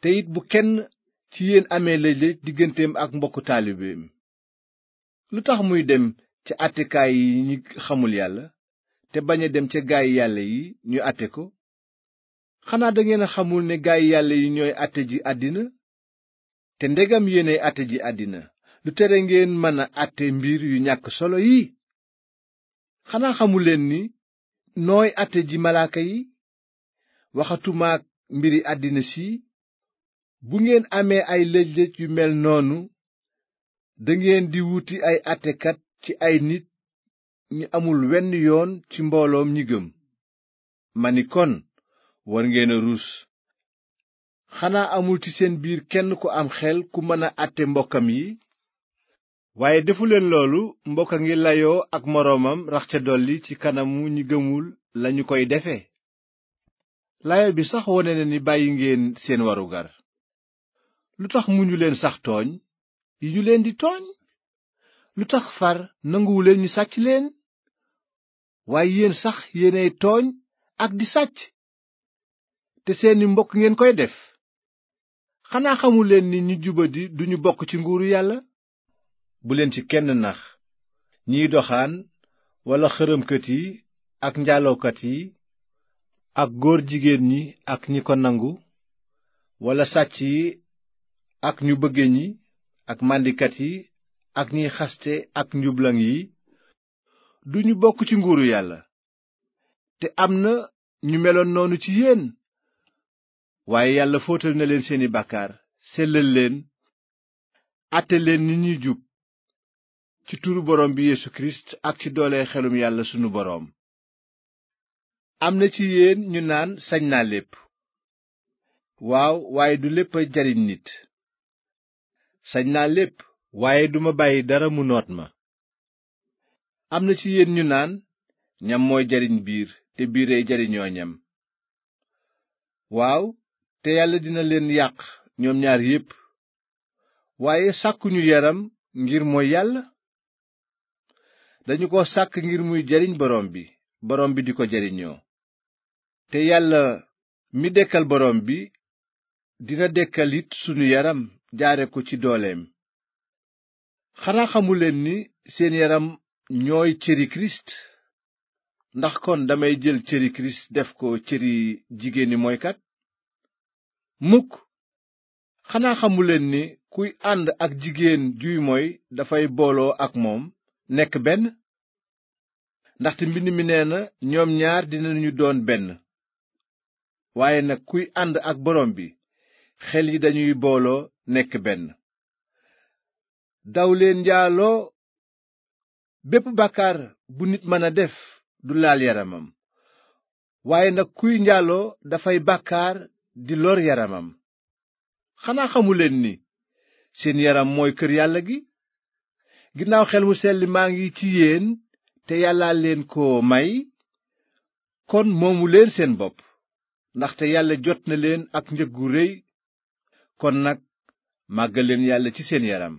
te it bu kenn ci yéen amee lëjlëj digganteem ak mbokku taalibeem lu tax muy dem ca àttekaay yi xamul yàlla te bañ a dem ca gaay yàlla yi ñu àtte ko xanaa dangeen a xamul ne gaay yàlla yi ñooy àtte ji àddina te ndegam yéenay àtte ji àddina lu tere ngeen mën a àtte mbir yu ñàkk solo yi xanaa xamuleen ni nooy àtte ji malaaka yi waxatumaak mbiri àddina si bu ngeen amee ay lëj-lëj yu mel noonu dangeen di wuti ay àttekat ci ay nit ñu amul wenn yoon ci mbooloom ñi gëm ma ni kon war ngeen a ruus xanaa amul ci seen biir kenn ku am xel ku mën a àtte mbokkam yi waaye defuleen loolu mbokk a ngi layoo ak moroomam rax ca dolli ci kanamu ñi gëmul lañu koy defe layo bi sax wone na ni bàyyi ngeen seen warugar lu tax muñu leen sax tooñ yi ñu leen di tooñ lu tax far leen ñu sàcc leen waaye yéen sax yéenay tooñ ak di sàcc te seeni mbokk ngeen koy def xanaa xamu leen ni ñu jubadi duñu bokk ci nguuru yàlla bu leen ci kenn nax ñiy doxaan walla xërëmkat yi ak njaalookat yi ak góor jigéen ñi ak ñi ko nangu walla sàcc yi ak ñu bëgge ñi ak màndikat yi ak ñiy xaste ak njublaŋ yi du ñu bokk ci nguuru yàlla te am na ñu meloon noonu ci yéen waaye yàlla fóotal na leen seeni bàkkaar sellal leen àtte leen ni ñuy jub ci turu boroom bi Yesu Kirist ak ci doole xelum yàlla sunu boroom am na ci yéen ñu naan sañ naa lépp waaw waaye du lépp a jariñ nit sañ naa lépp waaye duma bàyyi dara mu noot ma am na ci yéen ñu naan ñam mooy jariñ biir te biiree jariñoo ñam waaw te yàlla dina leen yàq ñoom ñaar yépp waaye sàkkuñu yaram ngir mooy yàlla dañu ko sàkk ngir muy jariñ borom bi borom bi di ko jariñoo te yàlla mi dekkal borom bi dina dekkalit it sunu yaram jaare ko ci dooleem xanaa xamuleen ni seen yaram ñooy cëri kirist ndax kon damay jël cëri kirist def ko cëri jigéeni moykat mukk xanaa xamuleen ni kuy ànd ak jigéen juy moy dafay booloo ak moom nekk benn ndaxte mbind mi nee na ñoom ñaar dinañu doon benn waaye nag kuy ànd ak borom bi xel yi dañuy booloo nekk benn dawleen njaaloo bépp bàkkaar bu nit mën a def du laal yaramam waaye nag kuy njaaloo dafay bàkkaar di lor yaramam xanaa xamuleen ni seen yaram mooy kër yàlla gi ginnaaw xel mu selli maa ngi ci yéen te yàllaa leen ko may kon moomuleen seen bopp ndaxte yàlla jot na leen ak njëg gu réy kon nag màggal leen yàlla ci seen yaram